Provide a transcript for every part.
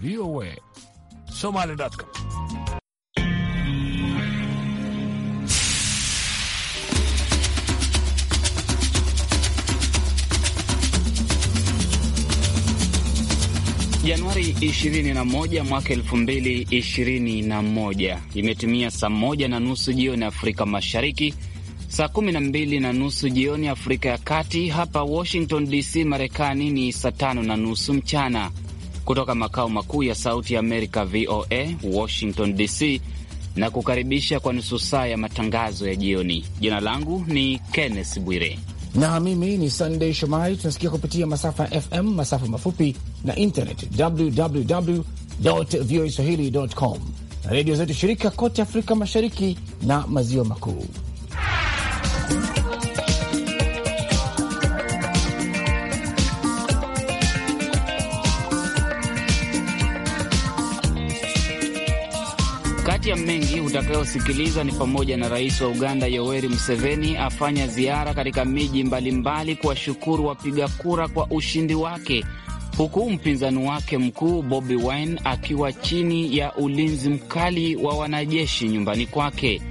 VOA Somali.com. Januari 21 mwaka 2021 imetimia saa moja na nusu jioni Afrika Mashariki, saa kumi na mbili na nusu jioni Afrika ya Kati. Hapa Washington DC, Marekani ni saa tano na nusu mchana kutoka makao makuu ya Sauti ya Amerika VOA Washington DC na kukaribisha kwa nusu saa ya matangazo ya jioni. Jina langu ni Kenneth Bwire na mimi ni Sunday Shomari. Tunasikia kupitia masafa ya FM, masafa mafupi na internet www voa swahili com na redio zetu shirika kote Afrika Mashariki na Maziwa Makuu. ya mengi utakayosikiliza ni pamoja na rais wa Uganda Yoweri Museveni afanya ziara katika miji mbalimbali kuwashukuru wapiga kura kwa ushindi wake, huku mpinzani wake mkuu Bobi Wine akiwa chini ya ulinzi mkali wa wanajeshi nyumbani kwake.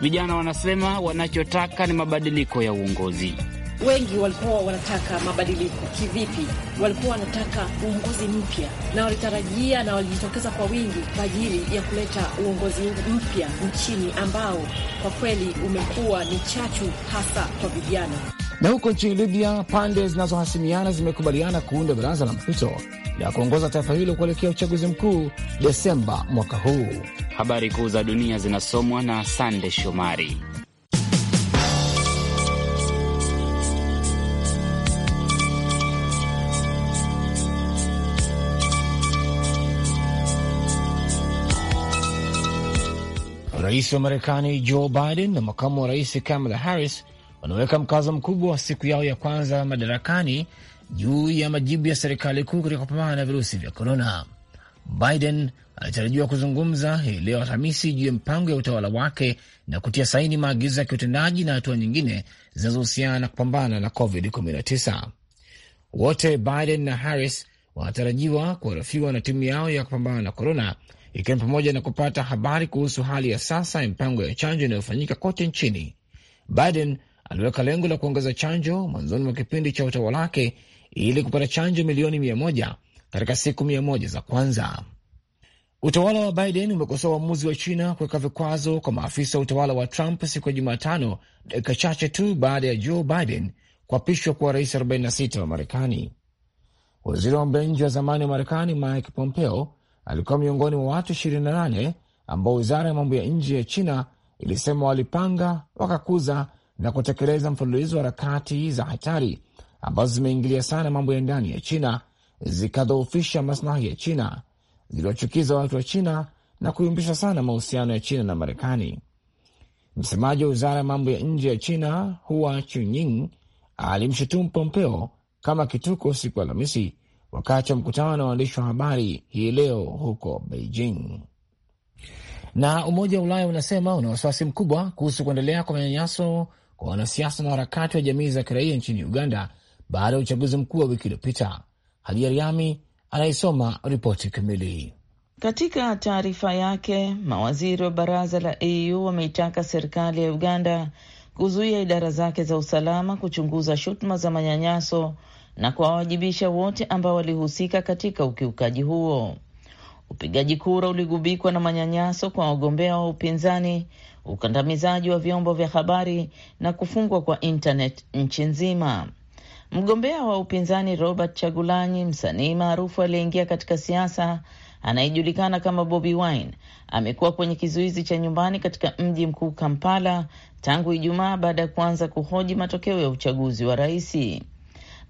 Vijana wanasema wanachotaka ni mabadiliko ya uongozi wengi walikuwa wanataka mabadiliko. Kivipi? walikuwa wanataka uongozi mpya na walitarajia na walijitokeza kwa wingi kwa ajili ya kuleta uongozi mpya nchini ambao kwa kweli umekuwa ni chachu hasa kwa vijana. Na huko nchini Libya, pande zinazohasimiana zimekubaliana kuunda baraza la mpito ya kuongoza taifa hilo kuelekea uchaguzi mkuu Desemba mwaka huu. Habari kuu za dunia zinasomwa na Sande Shomari. Rais wa Marekani Joe Biden na makamu wa rais Kamala Harris wanaweka mkazo mkubwa wa siku yao ya kwanza madarakani juu ya majibu ya serikali kuu katika kupambana na virusi vya korona. Biden alitarajiwa kuzungumza hii leo Alhamisi juu ya mpango ya utawala wake na kutia saini maagizo ya kiutendaji na hatua nyingine zinazohusiana na kupambana na COVID-19. Wote Biden na Harris wanatarajiwa kuharafiwa na timu yao ya kupambana na korona ikiwa ni pamoja na kupata habari kuhusu hali ya sasa ya mipango ya chanjo inayofanyika kote nchini. Biden aliweka lengo la kuongeza chanjo mwanzoni mwa kipindi cha utawala wake ili kupata chanjo milioni mia moja katika siku mia moja za kwanza. Utawala wa Biden umekosoa uamuzi wa China kuweka vikwazo kwa maafisa wa utawala wa Trump siku ya Jumatano, dakika chache tu baada ya Joe Biden kuapishwa kuwa rais 46 wa Marekani. Waziri wa mambo ya nje wa zamani wa Marekani Mike Pompeo alikuwa miongoni mwa watu 28 ambao wizara ya mambo ya nje ya China ilisema walipanga, wakakuza na kutekeleza mfululizo wa harakati za hatari ambazo zimeingilia sana mambo ya ndani ya China, zikadhoofisha maslahi ya China, ziliwachukiza watu wa China na kuyumbisha sana mahusiano ya China na Marekani. Msemaji wa wizara ya mambo ya nje ya China Hua Chunying alimshutumu Pompeo kama kituko siku Alhamisi wakati wa mkutano na waandishi wa habari hii leo huko Beijing. Na Umoja wa Ulaya unasema una wasiwasi mkubwa kuhusu kuendelea kwa manyanyaso kwa wanasiasa na harakati wa jamii za kiraia nchini Uganda baada ya uchaguzi mkuu wa wiki iliyopita. Riami anaisoma ripoti kamili. Katika taarifa yake, mawaziri wa baraza la EU wameitaka serikali ya Uganda kuzuia idara zake za usalama kuchunguza shutuma za manyanyaso na kuwawajibisha wote ambao walihusika katika ukiukaji huo. Upigaji kura uligubikwa na manyanyaso kwa wagombea wa upinzani, ukandamizaji wa vyombo vya habari na kufungwa kwa intanet nchi nzima. Mgombea wa upinzani Robert Chagulanyi, msanii maarufu aliyeingia katika siasa anayejulikana kama Bobi Wine, amekuwa kwenye kizuizi cha nyumbani katika mji mkuu Kampala tangu Ijumaa baada ya kuanza kuhoji matokeo ya uchaguzi wa raisi.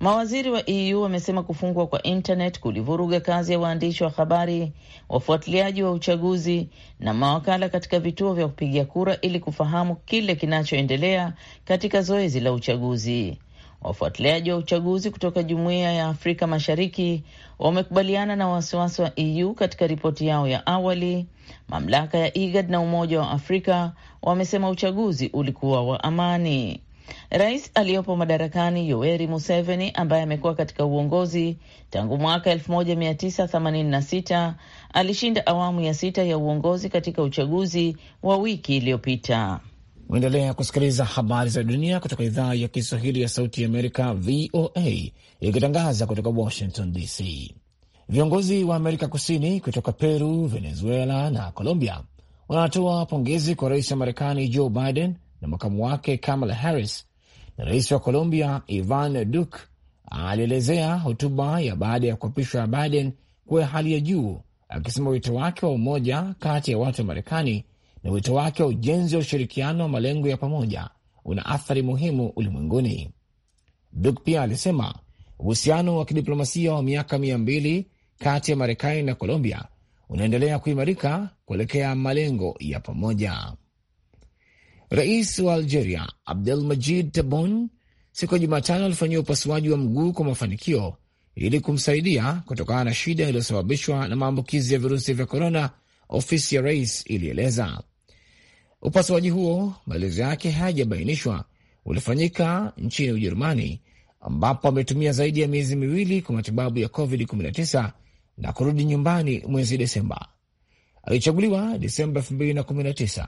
Mawaziri wa EU wamesema kufungwa kwa internet kulivuruga kazi ya waandishi wa habari, wafuatiliaji wa uchaguzi na mawakala katika vituo vya kupigia kura ili kufahamu kile kinachoendelea katika zoezi la uchaguzi. Wafuatiliaji wa uchaguzi kutoka Jumuiya ya Afrika Mashariki wamekubaliana na wasiwasi wa EU katika ripoti yao ya awali. Mamlaka ya IGAD na Umoja wa Afrika wamesema uchaguzi ulikuwa wa amani. Rais aliyopo madarakani Yoweri Museveni, ambaye amekuwa katika uongozi tangu mwaka 1986 alishinda awamu ya sita ya uongozi katika uchaguzi wa wiki iliyopita. Unaendelea kusikiliza habari za dunia kutoka idhaa ya Kiswahili ya Sauti ya Amerika, VOA, ikitangaza kutoka Washington DC. Viongozi wa Amerika Kusini kutoka Peru, Venezuela na Colombia wanatoa pongezi kwa rais wa Marekani Joe Biden na makamu wake Kamala Harris, na rais wa Colombia Ivan Duque alielezea hotuba ya baada ya kuapishwa ya Biden kuwa hali ya juu, akisema wito wake wa umoja kati ya watu wa Marekani na wito wake wa ujenzi wa ushirikiano wa malengo ya pamoja una athari muhimu ulimwenguni. Duque pia alisema uhusiano wa kidiplomasia wa miaka mia mbili kati ya Marekani na Colombia unaendelea kuimarika kuelekea malengo ya pamoja. Rais wa Algeria Abdel Majid Tebboune siku ya Jumatano alifanyia upasuaji wa mguu kwa mafanikio ili kumsaidia kutokana na shida iliyosababishwa na maambukizi ya virusi vya korona, ofisi ya rais ilieleza. Upasuaji huo, maelezo yake hayajabainishwa, ulifanyika nchini Ujerumani ambapo ametumia zaidi ya miezi miwili kwa matibabu ya COVID-19 na kurudi nyumbani mwezi Desemba. Alichaguliwa Desemba 2019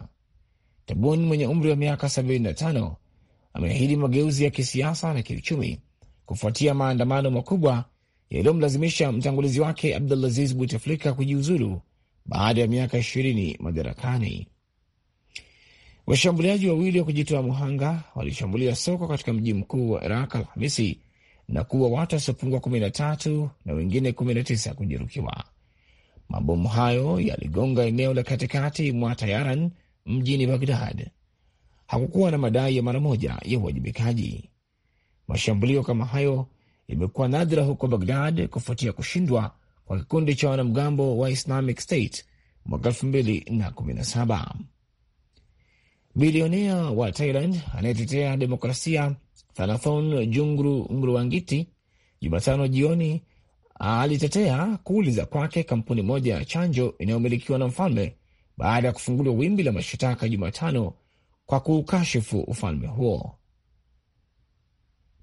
Tabun mwenye umri wa miaka 75 ameahidi mageuzi ya kisiasa na kiuchumi kufuatia maandamano makubwa yaliyomlazimisha mtangulizi wake Abdulaziz Buteflika kujiuzulu baada ya miaka 20 madarakani. Washambuliaji wawili wa kujitoa muhanga walishambulia soko katika mji mkuu wa Iraq Alhamisi na kuwa watu wasiopungua 13 na wengine 19 kujeruhiwa. Mabomu hayo yaligonga eneo la katikati mwa Tayaran mjini Bagdad, hakukuwa na madai ya mara moja ya uwajibikaji. Mashambulio kama hayo yamekuwa nadra huko Bagdad kufuatia kushindwa kwa kikundi cha wanamgambo wa Islamic State mwaka 2017. Bilionea wa Thailand anayetetea demokrasia thanathon Jungru ngruwangiti Jumatano jioni alitetea kuuliza kwake kampuni moja ya chanjo inayomilikiwa na mfalme baada ya kufunguliwa wimbi la mashitaka Jumatano kwa kuukashifu ufalme huo.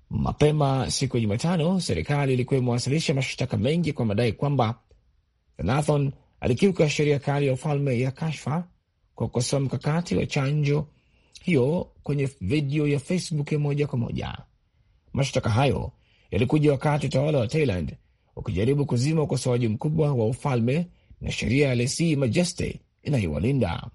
Mapema siku ya Jumatano, serikali ilikuwa imewasilisha mashtaka mengi kwa madai kwamba Thanathon alikiuka sheria kali ya ufalme ya kashfa kwa kukosoa mkakati wa chanjo hiyo kwenye video ya Facebook ya moja kwa moja. Mashtaka hayo yalikuja wakati utawala wa Thailand ukijaribu kuzima ukosoaji mkubwa wa ufalme na sheria ya Lesi majeste inayowalinda.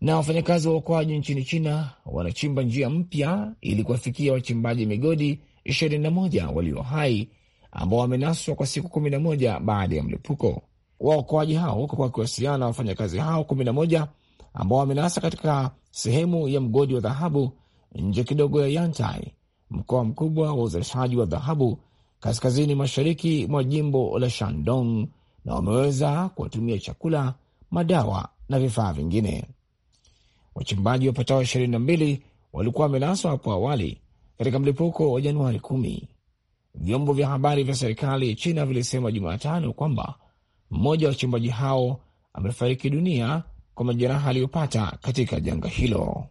Na wafanyakazi wa uokoaji nchini China wanachimba njia mpya ili kuwafikia wachimbaji migodi 21 walio hai ambao wamenaswa kwa siku 11 baada ya mlipuko. Waokoaji hao kwa wakiwasiliana na wafanyakazi hao 11 ambao wamenasa katika sehemu ya mgodi wa dhahabu nje kidogo ya Yantai, mkoa mkubwa wa uzalishaji wa dhahabu kaskazini mashariki mwa jimbo la Shandong na wameweza kuwatumia chakula, madawa na vifaa vingine. Wachimbaji wapatao ishirini na mbili walikuwa wamelaswa hapo awali katika mlipuko wa Januari kumi. Vyombo vya habari vya serikali ya China vilisema Jumatano kwamba mmoja wa wachimbaji hao amefariki dunia kwa majeraha aliyopata katika janga hilo.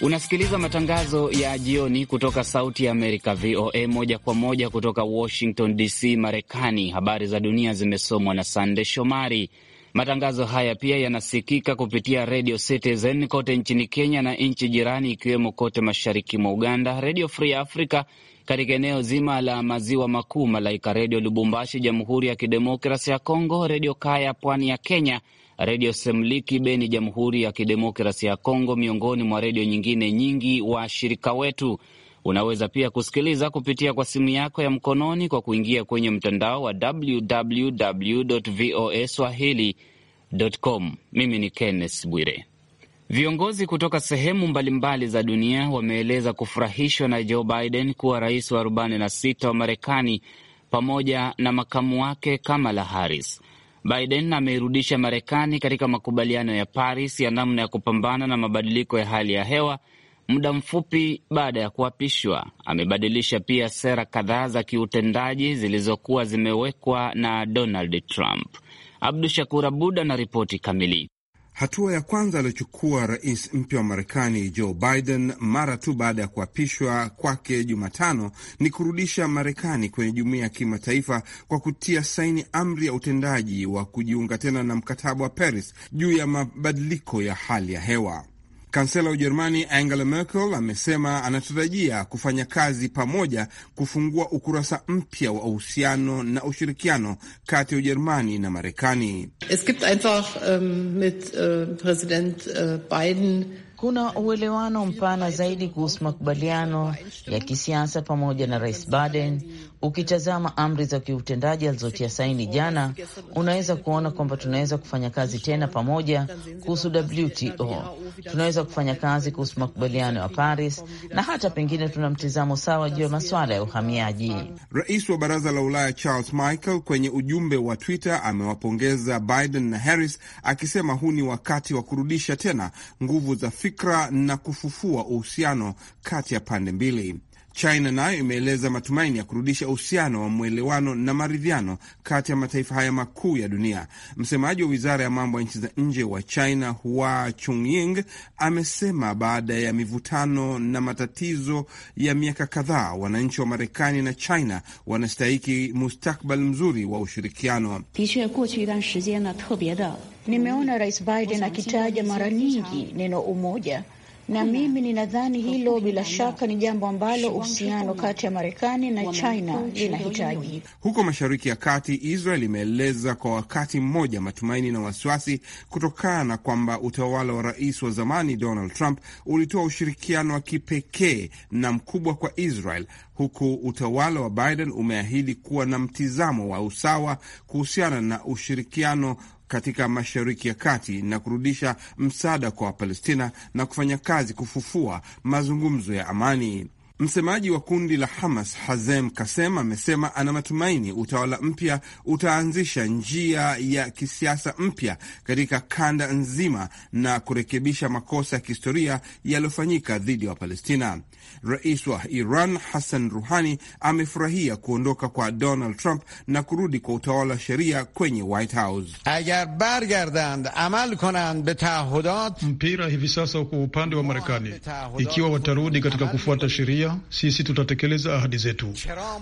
Unasikiliza matangazo ya jioni kutoka Sauti ya Amerika, VOA, moja kwa moja kutoka Washington DC, Marekani. Habari za dunia zimesomwa na Sande Shomari. Matangazo haya pia yanasikika kupitia Radio Citizen kote nchini Kenya na nchi jirani, ikiwemo kote mashariki mwa Uganda, Radio Free Africa katika eneo zima la maziwa makuu, Malaika Redio Lubumbashi, Jamhuri ya Kidemokrasi ya Kongo, Redio Kaya pwani ya Kenya, Redio Semliki Beni, Jamhuri ya Kidemokrasi ya Kongo, miongoni mwa redio nyingine nyingi wa shirika wetu. Unaweza pia kusikiliza kupitia kwa simu yako ya mkononi kwa kuingia kwenye mtandao wa www voa swahili.com. Mimi ni Kenneth Bwire. Viongozi kutoka sehemu mbalimbali za dunia wameeleza kufurahishwa na Joe Biden kuwa rais wa 46 wa Marekani pamoja na makamu wake Kamala Harris. Biden ameirudisha Marekani katika makubaliano ya Paris ya namna ya kupambana na mabadiliko ya hali ya hewa muda mfupi baada ya kuapishwa. Amebadilisha pia sera kadhaa za kiutendaji zilizokuwa zimewekwa na Donald Trump. Abdu Shakur Abud ana ripoti kamili. Hatua ya kwanza aliyochukua rais mpya wa Marekani Joe Biden mara tu baada ya kuapishwa kwake Jumatano ni kurudisha Marekani kwenye jumuiya ya kimataifa kwa kutia saini amri ya utendaji wa kujiunga tena na mkataba wa Paris juu ya mabadiliko ya hali ya hewa. Kansela wa Ujerumani Angela Merkel amesema anatarajia kufanya kazi pamoja kufungua ukurasa mpya wa uhusiano na ushirikiano kati ya Ujerumani na Marekani. Es gibt einfach um, mit uh, äh, President uh, äh, Biden kuna uelewano mpana zaidi kuhusu makubaliano ya kisiasa pamoja na Rais Biden. Ukitazama amri za kiutendaji alizotia saini jana, unaweza kuona kwamba tunaweza kufanya kazi tena pamoja kuhusu WTO, tunaweza kufanya kazi kuhusu makubaliano ya Paris na hata pengine tuna mtizamo sawa juu ya masuala ya uhamiaji. Rais wa Baraza la Ulaya Charles Michael kwenye ujumbe wa Twitter amewapongeza Biden na Harris akisema huu ni wakati wa kurudisha tena nguvu za fikra na kufufua uhusiano kati ya pande mbili. China nayo imeeleza matumaini ya kurudisha uhusiano wa mwelewano na maridhiano kati ya mataifa haya makuu ya dunia. Msemaji wa wizara ya mambo ya nchi za nje wa China, Hua Chunying, amesema baada ya mivutano na matatizo ya miaka kadhaa, wananchi wa Marekani na China wanastahiki mustakbal mzuri wa ushirikiano. Nimeona Rais Biden akitaja mara nyingi neno umoja na mimi ninadhani hilo bila shaka ni jambo ambalo uhusiano kati ya Marekani na China linahitaji. Huko Mashariki ya Kati, Israel imeeleza kwa wakati mmoja matumaini na wasiwasi kutokana na kwamba utawala wa rais wa zamani Donald Trump ulitoa ushirikiano wa kipekee na mkubwa kwa Israel, huku utawala wa Biden umeahidi kuwa na mtizamo wa usawa kuhusiana na ushirikiano katika Mashariki ya Kati na kurudisha msaada kwa Wapalestina na kufanya kazi kufufua mazungumzo ya amani. Msemaji wa kundi la Hamas Hazem Kasem amesema ana matumaini utawala mpya utaanzisha njia ya kisiasa mpya katika kanda nzima na kurekebisha makosa ya kihistoria yaliyofanyika dhidi ya Wapalestina. Rais wa Iran Hassan Ruhani amefurahia kuondoka kwa Donald Trump na kurudi kwa utawala wa sheria kwenye White House. agar bargardand amal konand be tahudat, mpira hivi sasa uko upande wa Marekani. Ikiwa watarudi katika kufuata sheria Ulaya, sisi tutatekeleza ahadi zetu.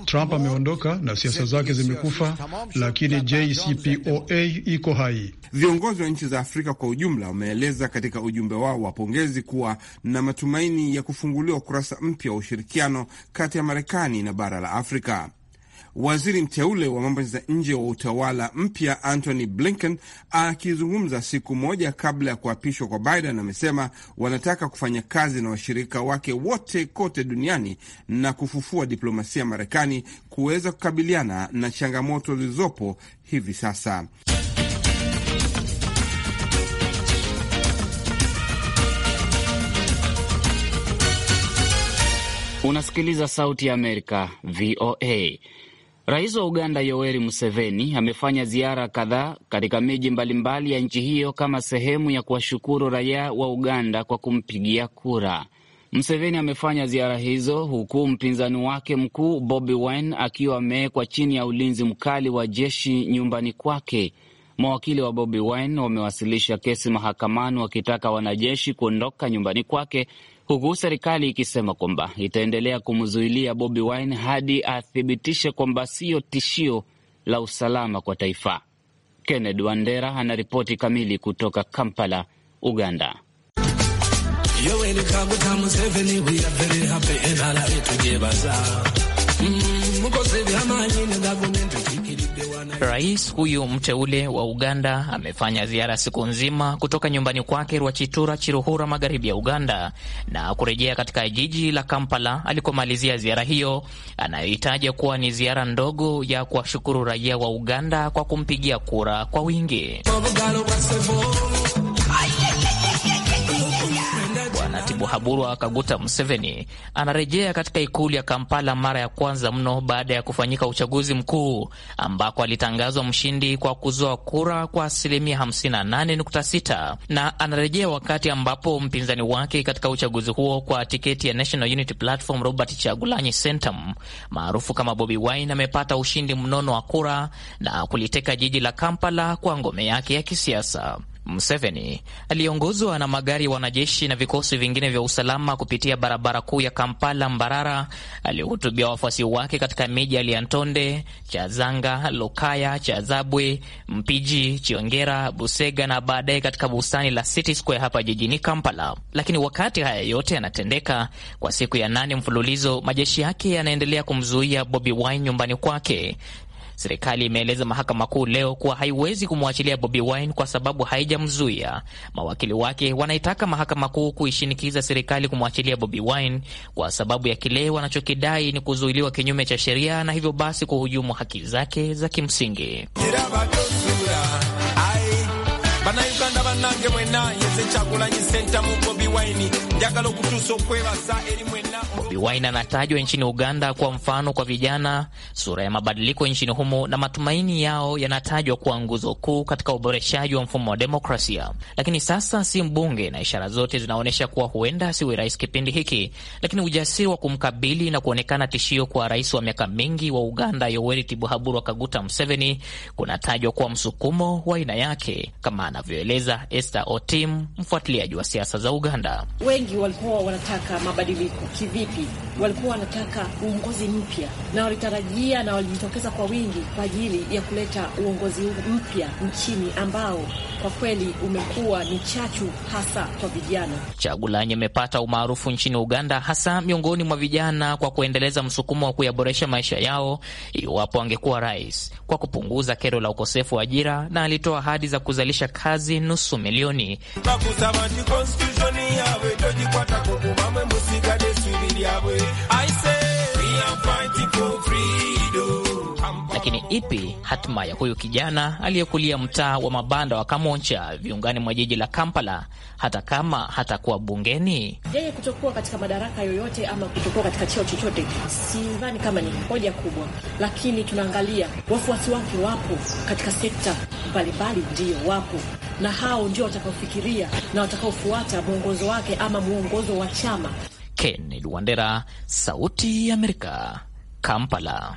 Trump ameondoka na siasa zake zimekufa, lakini JCPOA iko hai. Viongozi wa nchi za Afrika kwa ujumla wameeleza katika ujumbe wao wa pongezi kuwa na matumaini ya kufunguliwa ukurasa mpya wa ushirikiano kati ya Marekani na bara la Afrika. Waziri mteule wa mambo za nje wa utawala mpya Antony Blinken akizungumza siku moja kabla ya kuapishwa kwa Biden amesema wanataka kufanya kazi na washirika wake wote kote duniani na kufufua diplomasia Marekani kuweza kukabiliana na changamoto zilizopo hivi sasa. Unasikiliza Sauti ya Amerika, VOA. Rais wa Uganda Yoweri Museveni amefanya ziara kadhaa katika miji mbalimbali ya nchi hiyo kama sehemu ya kuwashukuru raia wa Uganda kwa kumpigia kura. Museveni amefanya ziara hizo huku mpinzani wake mkuu Bobi Wine akiwa amewekwa chini ya ulinzi mkali wa jeshi nyumbani kwake. Mawakili wa Bobi Wine wamewasilisha kesi mahakamani wakitaka wanajeshi kuondoka nyumbani kwake huku serikali ikisema kwamba itaendelea kumzuilia Bobi Wine hadi athibitishe kwamba siyo tishio la usalama kwa taifa. Kennedy Wandera anaripoti kamili kutoka Kampala, Uganda. Mm, Rais huyu mteule wa Uganda amefanya ziara siku nzima kutoka nyumbani kwake Rwachitura, Chiruhura, magharibi ya Uganda na kurejea katika jiji la Kampala alikomalizia ziara hiyo anayohitaja kuwa ni ziara ndogo ya kuwashukuru raia wa Uganda kwa kumpigia kura kwa wingi. Buhaburwa Kaguta Museveni anarejea katika ikulu ya Kampala mara ya kwanza mno baada ya kufanyika uchaguzi mkuu ambako alitangazwa mshindi kwa kuzoa kura kwa asilimia 58.6 na anarejea wakati ambapo mpinzani wake katika uchaguzi huo kwa tiketi ya National Unity Platform Robert Chagulanyi Sentam maarufu kama Bobi Wine amepata ushindi mnono wa kura na kuliteka jiji la Kampala kwa ngome yake ya kisiasa. Museveni aliongozwa na magari ya wanajeshi na vikosi vingine vya usalama kupitia barabara kuu ya Kampala Mbarara alihutubia wafuasi wake katika miji ya Lyantonde, Chazanga, Lokaya, Chazabwe, Mpiji, Chiongera, Busega na baadaye katika bustani la City Square hapa jijini Kampala. Lakini wakati haya yote yanatendeka, kwa siku ya nane mfululizo, majeshi yake yanaendelea kumzuia Bobi Wine nyumbani kwake. Serikali imeeleza mahakama kuu leo kuwa haiwezi kumwachilia Bobi Wine kwa sababu haijamzuia. Mawakili wake wanaitaka mahakama kuu kuishinikiza serikali kumwachilia Bobi Wine kwa sababu ya kile wanachokidai ni kuzuiliwa kinyume cha sheria na hivyo basi kuhujumu haki zake za kimsingi. Bobi Wine anatajwa nchini Uganda kwa mfano kwa vijana, sura ya mabadiliko nchini humo na matumaini yao yanatajwa kuwa nguzo kuu katika uboreshaji wa mfumo wa demokrasia. Lakini sasa si mbunge, na ishara zote zinaonyesha kuwa huenda asiwe rais kipindi hiki. Lakini ujasiri wa kumkabili na kuonekana tishio kwa rais wa miaka mingi wa Uganda Yoweri Tibuhaburwa Kaguta Museveni kunatajwa kuwa msukumo wa aina yake, kama anavyoeleza Esther Otim mfuatiliaji wa siasa za Uganda. Wengi walikuwa wanataka mabadiliko. Kivipi? Walikuwa wanataka uongozi mpya, na walitarajia na walijitokeza kwa wingi kwa ajili ya kuleta uongozi mpya nchini ambao kwa kweli umekuwa ni chachu hasa kwa vijana. Chagulanyi amepata umaarufu nchini Uganda, hasa miongoni mwa vijana kwa kuendeleza msukumo wa kuyaboresha maisha yao iwapo angekuwa rais, kwa kupunguza kero la ukosefu wa ajira, na alitoa ahadi za kuzalisha kazi nusu milioni. kusaba ndi konstitution yawe tojikwatako kubamwe musigani ipi hatima ya huyu kijana aliyekulia mtaa wa mabanda wa Kamocha viungani mwa jiji la Kampala, hata kama hatakuwa bungeni? Yeye kutokuwa katika madaraka yoyote ama kutokuwa katika cheo chochote, sidhani kama ni hoja kubwa, lakini tunaangalia wafuasi wake wapo katika sekta mbalimbali, ndio wapo na hao ndio watakaofikiria na watakaofuata mwongozo wake ama mwongozo wa chama. Kennedy Wandera, Sauti ya Amerika, Kampala.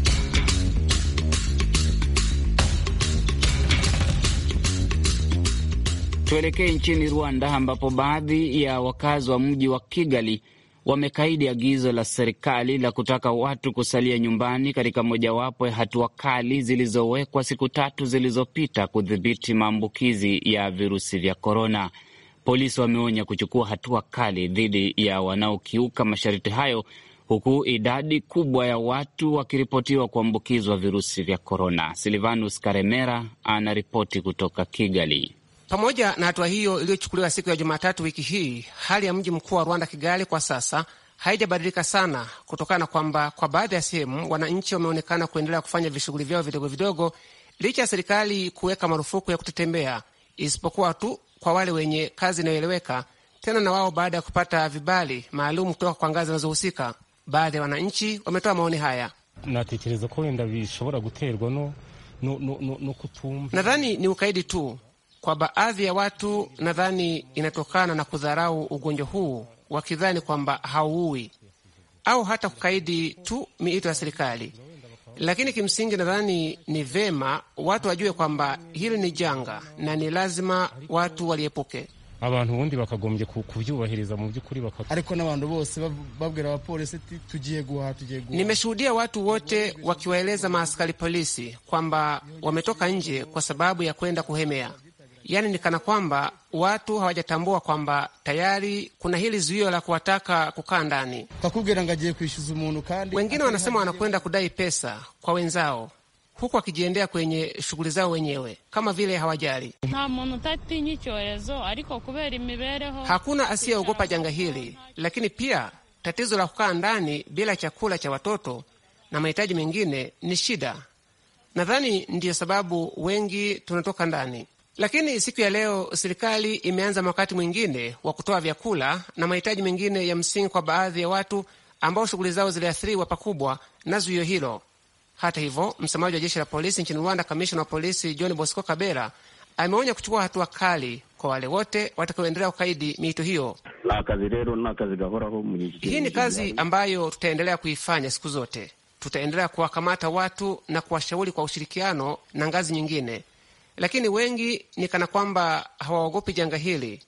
Tuelekee nchini Rwanda ambapo baadhi ya wakazi wa mji wa Kigali wamekaidi agizo la serikali la kutaka watu kusalia nyumbani katika mojawapo ya hatua kali zilizowekwa siku tatu zilizopita kudhibiti maambukizi ya virusi vya korona. Polisi wameonya kuchukua hatua kali dhidi ya wanaokiuka masharti hayo, huku idadi kubwa ya watu wakiripotiwa kuambukizwa virusi vya korona. Silvanus Karemera anaripoti kutoka Kigali. Pamoja na hatua hiyo iliyochukuliwa siku ya Jumatatu wiki hii, hali ya mji mkuu wa Rwanda, Kigali, kwa sasa haijabadilika sana kutokana na kwamba kwa baadhi ya sehemu wananchi wameonekana kuendelea kufanya vishughuli vyao vidogo vidogo licha ya serikali kuweka marufuku ya kutotembea, isipokuwa tu kwa wale wenye kazi inayoeleweka, tena na wao baada ya kupata vibali maalum kutoka kwa ngazi zinazohusika. Baadhi ya wananchi wametoa maoni haya. Nadhani ni ukaidi tu kwa baadhi ya watu nadhani inatokana na kudharau ugonjwa huu, wakidhani kwamba hauui au hata kukaidi tu miito ya serikali. Lakini kimsingi nadhani ni vema watu wajue kwamba hili ni janga na ni lazima watu waliepuke. abantu ubundi bakagombye kuvyubahiriza mu by'ukuri ariko n'abantu bose babwira abapolisi ati tugiye guha tugiye guha. Nimeshuhudia watu wote wakiwaeleza maaskari polisi kwamba wametoka nje kwa sababu ya kwenda kuhemea Yaani ni kana kwamba watu hawajatambua kwamba tayari kuna hili zuio la kuwataka kukaa ndani. Wengine wanasema wanakwenda kudai pesa kwa wenzao huku wakijiendea kwenye shughuli zao wenyewe kama vile hawajali. Hakuna asiyeogopa janga hili, lakini pia tatizo la kukaa ndani bila chakula cha watoto na mahitaji mengine ni shida. Nadhani ndiyo sababu wengi tunatoka ndani. Lakini siku ya leo serikali imeanza wakati mwingine wa kutoa vyakula na mahitaji mengine ya msingi kwa baadhi ya watu ambao shughuli zao ziliathiriwa pakubwa na zuio hilo. Hata hivyo, msemaji wa jeshi la polisi nchini Rwanda, kamishna wa polisi John Bosco Kabera ameonya kuchukua hatua kali kwa wale wote watakaoendelea kukaidi miito hiyo. Hii ni kazi ambayo tutaendelea kuifanya siku zote. Tutaendelea kuwakamata watu na kuwashauri kwa ushirikiano na ngazi nyingine lakini wengi ni kana kwamba hawaogopi janga hili,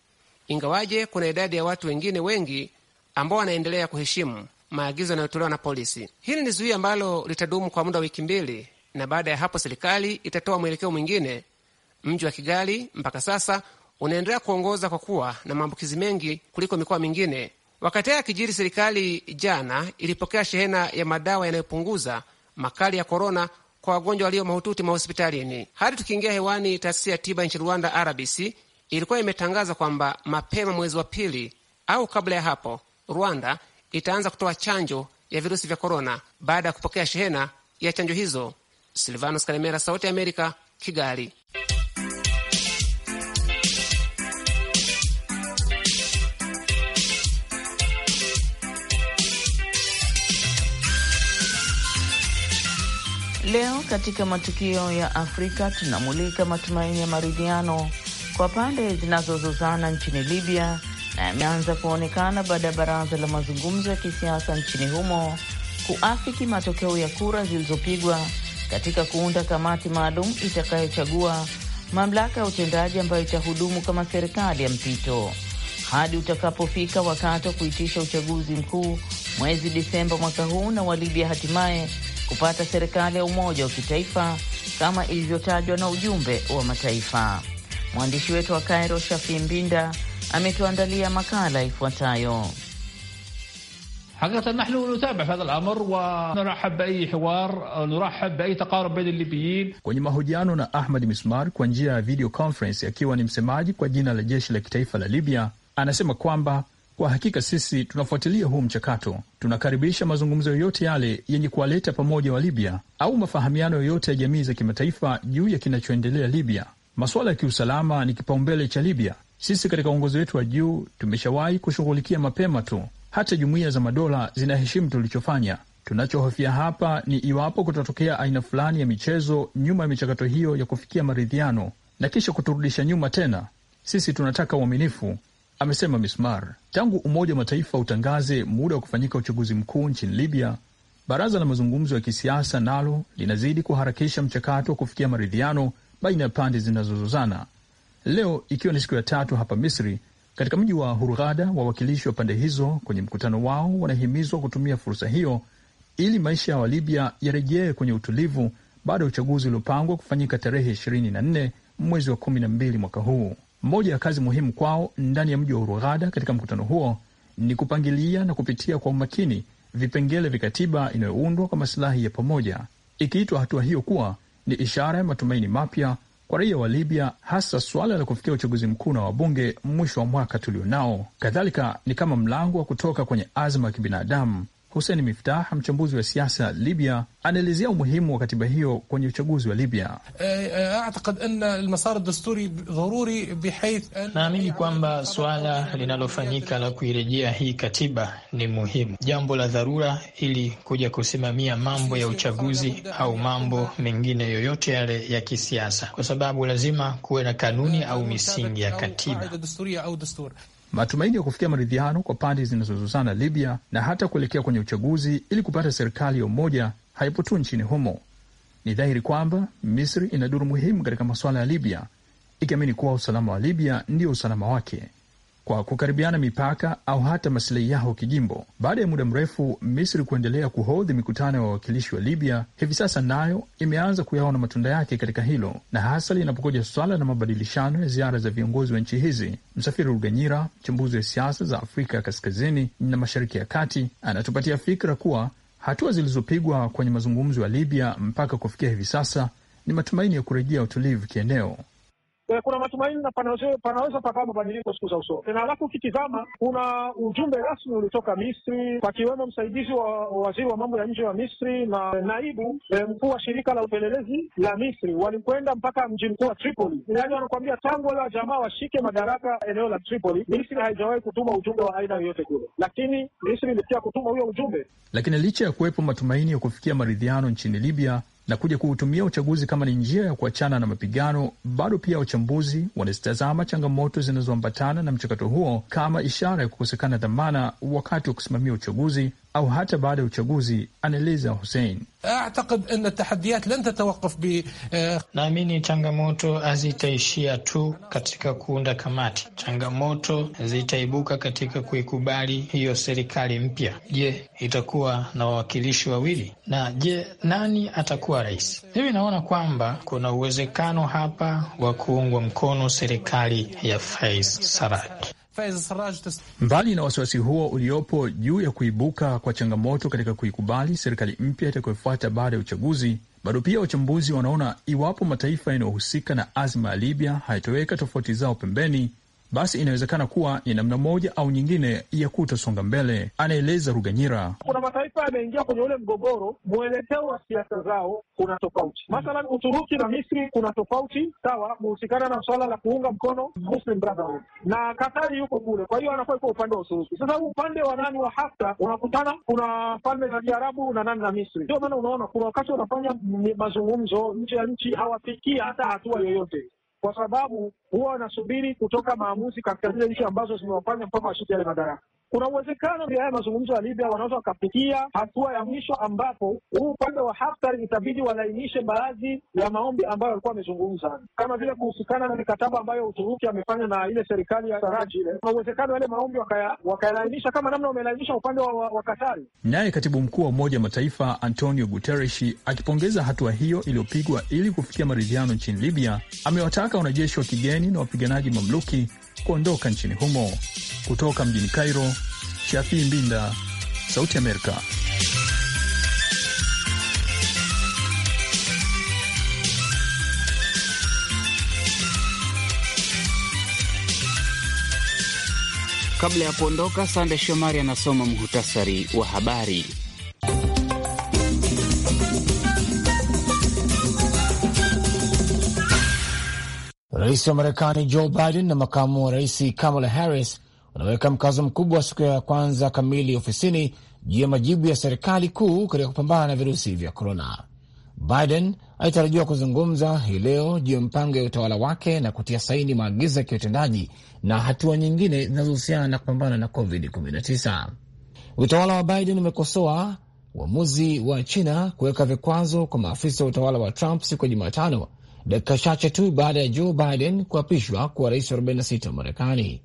ingawaje kuna idadi ya watu wengine wengi ambao wanaendelea kuheshimu maagizo yanayotolewa na polisi. Hili ni zuio ambalo litadumu kwa muda wa wiki mbili, na baada ya hapo serikali itatoa mwelekeo mwingine. Mji wa Kigali mpaka sasa unaendelea kuongoza kwa kuwa na maambukizi mengi kuliko mikoa mingine. Wakati haya akijiri, serikali jana ilipokea shehena ya madawa yanayopunguza makali ya korona kwa wagonjwa walio mahututi mahospitalini. Hadi tukiingia hewani, taasisi ya tiba nchini Rwanda, RBC, ilikuwa imetangaza kwamba mapema mwezi wa pili au kabla ya hapo, Rwanda itaanza kutoa chanjo ya virusi vya korona baada ya kupokea shehena ya chanjo hizo. silvanos Kalemera, Sauti ya Amerika, Kigali. Leo katika matukio ya Afrika tunamulika matumaini ya maridhiano kwa pande zinazozozana nchini Libya na yameanza kuonekana baada ya baraza la mazungumzo ya kisiasa nchini humo kuafiki matokeo ya kura zilizopigwa katika kuunda kamati maalum itakayochagua mamlaka ya utendaji ambayo itahudumu kama serikali ya mpito hadi utakapofika wakati wa kuitisha uchaguzi mkuu mwezi Disemba mwaka huu na Walibya hatimaye kupata serikali ya umoja wa kitaifa kama ilivyotajwa na ujumbe wa mataifa. Mwandishi wetu wa Kairo, Shafi Mbinda, ametuandalia makala ifuatayo. Kwenye mahojiano na Ahmad Mismar kwa njia ya video conference, akiwa ni msemaji kwa jina la jeshi la kitaifa la Libya, anasema kwamba kwa hakika sisi tunafuatilia huu mchakato, tunakaribisha mazungumzo yoyote yale yenye kuwaleta pamoja wa Libya au mafahamiano yoyote ya jamii za kimataifa juu ya kinachoendelea Libya. Masuala ya kiusalama ni kipaumbele cha Libya. Sisi katika uongozi wetu wa juu tumeshawahi kushughulikia mapema tu. Hata jumuiya za madola zinaheshimu tulichofanya. Tunachohofia hapa ni iwapo kutatokea aina fulani ya michezo nyuma ya michakato hiyo ya kufikia maridhiano na kisha kuturudisha nyuma tena. Sisi tunataka uaminifu amesema Mismar. Tangu Umoja wa Mataifa utangaze muda wa kufanyika uchaguzi mkuu nchini Libya, baraza la mazungumzo ya kisiasa nalo linazidi kuharakisha mchakato wa kufikia maridhiano baina ya pande zinazozozana. Leo ikiwa ni siku ya tatu hapa Misri, katika mji wa Hurghada, wawakilishi wa pande hizo kwenye mkutano wao wanahimizwa kutumia fursa hiyo ili maisha ya Walibya yarejee kwenye utulivu baada ya uchaguzi uliopangwa kufanyika tarehe 24 mwezi wa 12 mwaka huu. Moja ya kazi muhimu kwao ndani ya mji wa Hurghada katika mkutano huo ni kupangilia na kupitia kwa umakini vipengele vya katiba inayoundwa kwa masilahi ya pamoja, ikiitwa hatua hiyo kuwa ni ishara ya matumaini mapya kwa raia wa Libya, hasa suala la kufikia uchaguzi mkuu na wabunge mwisho wa mwaka tulionao. Kadhalika ni kama mlango wa kutoka kwenye azma ya kibinadamu Hussein Miftah, mchambuzi wa siasa Libya, anaelezea umuhimu wa katiba hiyo kwenye uchaguzi wa Libya. Eh, eh, Naamini kwamba suala linalofanyika la kuirejea hii katiba ni muhimu, jambo la dharura, ili kuja kusimamia mambo ya uchaguzi au mambo mengine yoyote yale ya kisiasa, kwa sababu lazima kuwe na kanuni au misingi ya katiba. Matumaini ya kufikia maridhiano kwa pande zinazozozana Libya na hata kuelekea kwenye uchaguzi ili kupata serikali ya umoja haipo tu nchini humo. Ni dhahiri kwamba Misri ina duru muhimu katika masuala ya Libya, ikiamini kuwa usalama wa Libya ndio usalama wake kwa kukaribiana mipaka au hata masilahi yao kijimbo. Baada ya muda mrefu Misri kuendelea kuhodhi mikutano ya wawakilishi wa Libya, hivi sasa nayo imeanza kuyaona matunda yake katika hilo, na hasa linapokuja swala la mabadilishano ya ziara za viongozi wa nchi hizi. Msafiri Ruganyira, mchambuzi wa siasa za Afrika ya kaskazini na mashariki ya kati, anatupatia fikra kuwa hatua zilizopigwa kwenye mazungumzo ya Libya mpaka kufikia hivi sasa ni matumaini ya kurejea utulivu kieneo e, kuna matumaini na panaweza, pakawa mabadiliko siku za usoni. Na alafu ukitizama kuna ujumbe rasmi ulitoka Misri, pakiwemo msaidizi wa waziri wa mambo ya nje wa Misri na naibu e, mkuu wa shirika la upelelezi la Misri, walikwenda mpaka mji mkuu wa Tripoli. Yani wanakuambia tangu wale wajamaa washike madaraka eneo la Tripoli, Misri haijawahi kutuma ujumbe wa aina yoyote kule, lakini Misri ilifikia kutuma huyo ujumbe. Lakini licha ya kuwepo matumaini ya kufikia maridhiano nchini Libya na kuja kuutumia uchaguzi kama ni njia ya kuachana na mapigano. Bado pia wachambuzi wanazitazama changamoto zinazoambatana na mchakato huo kama ishara ya kukosekana dhamana wakati wa kusimamia uchaguzi au hata baada ya uchaguzi, anaeleza Hussein. Eh, Naamini changamoto hazitaishia tu katika kuunda kamati, changamoto zitaibuka katika kuikubali hiyo serikali mpya. Je, itakuwa na wawakilishi wawili? Na je, nani atakuwa rais? Mimi naona kwamba kuna uwezekano hapa wa kuungwa mkono serikali ya Faiz Saraki. Mbali na wasiwasi huo uliopo juu ya kuibuka kwa changamoto katika kuikubali serikali mpya itakayofuata baada ya uchaguzi, bado pia wachambuzi wanaona iwapo mataifa yanayohusika na azma ya Libya hayatoweka tofauti zao pembeni basi inawezekana kuwa ni namna moja au nyingine ya kutosonga mbele, anaeleza Ruganyira. Kuna mataifa yameingia kwenye ule mgogoro, mwelekeo wa siasa zao kuna tofauti. Mathalan, Uturuki na Misri kuna tofauti, sawa, kuhusikana na suala la kuunga mkono Muslim Brotherhood, na Katari yuko kule, kwa hiyo anakuwa iko upande wa Uturuki. Sasa upande wa nani wa Haftar unakutana, kuna falme za Kiarabu na nani na Misri. Ndio maana unaona kuna wakati wanafanya mazungumzo nje ya nchi, hawafikii hata hatua yoyote kwa sababu huwa wanasubiri kutoka maamuzi katika zile nchi ambazo zimewafanya mpaka washike yale madaraka kuna uwezekano vya haya mazungumzo ya Libya wanaweza wakafikia hatua ya mwisho ambapo huu upande wa Haftar itabidi walainishe baadhi ya maombi ambayo walikuwa wamezungumza, kama vile kuhusikana na mikataba ambayo Uturuki amefanya na ile serikali ya Saraji ile. Kuna uwezekano yale maombi wakayalainisha kama namna wamelainisha upande wa, wa, wa Katari. Naye katibu mkuu wa Umoja Mataifa Antonio Guterres akipongeza hatua hiyo iliyopigwa ili kufikia maridhiano nchini Libya, amewataka wanajeshi wa kigeni na wapiganaji mamluki kuondoka nchini humo. Kutoka mjini Cairo, Shafii Mbinda, Sauti Amerika. Kabla ya kuondoka, Sande Shomari anasoma muhtasari wa habari. Rais wa Marekani Joe Biden na makamu wa rais Kamala Harris wanaweka mkazo mkubwa wa siku ya kwanza kamili ofisini juu ya majibu ya serikali kuu katika kupambana na virusi vya korona. Biden alitarajiwa kuzungumza hii leo juu ya mpango ya utawala wake na kutia saini maagizo ya kiutendaji na hatua nyingine zinazohusiana na kupambana na COVID-19. Utawala wa Biden umekosoa uamuzi wa China kuweka vikwazo kwa maafisa wa utawala wa Trump siku ya Jumatano dakika chache tu baada ya Joe Biden kuapishwa kuwa rais 46 wa Marekani.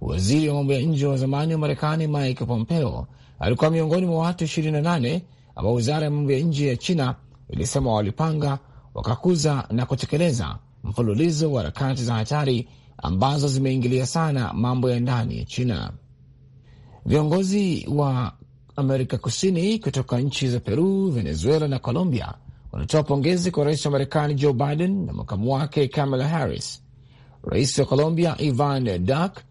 Waziri wa mambo ya nje wa zamani wa Marekani Mike Pompeo alikuwa miongoni mwa watu 28 ambao wizara ya mambo ya nje ya China ilisema walipanga wakakuza na kutekeleza mfululizo wa harakati za hatari ambazo zimeingilia sana mambo ya ndani ya China. Viongozi wa Amerika Kusini kutoka nchi za Peru, Venezuela na Colombia wanatoa pongezi kwa rais wa Marekani Joe Biden na makamu wake Kamala Harris. Rais wa Colombia Ivan Duque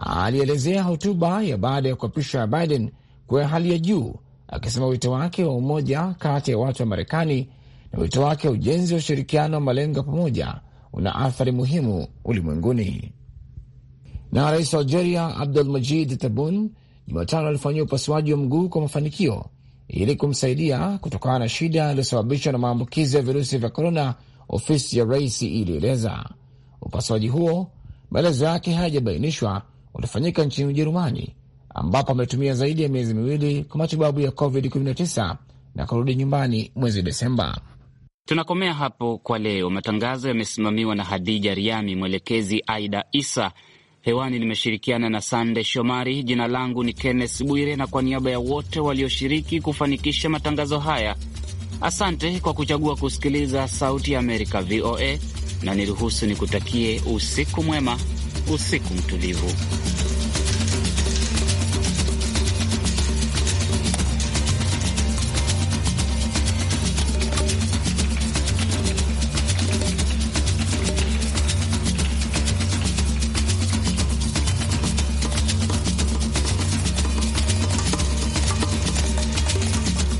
alielezea hotuba ya baada ya kuapishwa ya Biden kwa hali ya juu, akisema wito wake wa umoja kati ya watu wa Marekani na wito wake wa ujenzi wa ushirikiano wa malengo pamoja una athari muhimu ulimwenguni. Na rais wa Algeria Abdul Majid Tabun Jumatano alifanyia upasuaji wa mguu kwa mafanikio ili kumsaidia kutokana na shida iliyosababishwa na maambukizi ya virusi vya korona. Ofisi ya rais ilieleza upasuaji huo, maelezo yake hayajabainishwa, ulifanyika nchini Ujerumani ambapo ametumia zaidi ya miezi miwili kwa matibabu ya COVID-19 na kurudi nyumbani mwezi Desemba. Tunakomea hapo kwa leo. Matangazo yamesimamiwa na Hadija Riami, mwelekezi Aida Isa. Hewani nimeshirikiana na Sande Shomari. Jina langu ni Kenneth Bwire, na kwa niaba ya wote walioshiriki kufanikisha matangazo haya, asante kwa kuchagua kusikiliza Sauti ya Amerika, VOA, na niruhusu nikutakie usiku mwema, usiku mtulivu.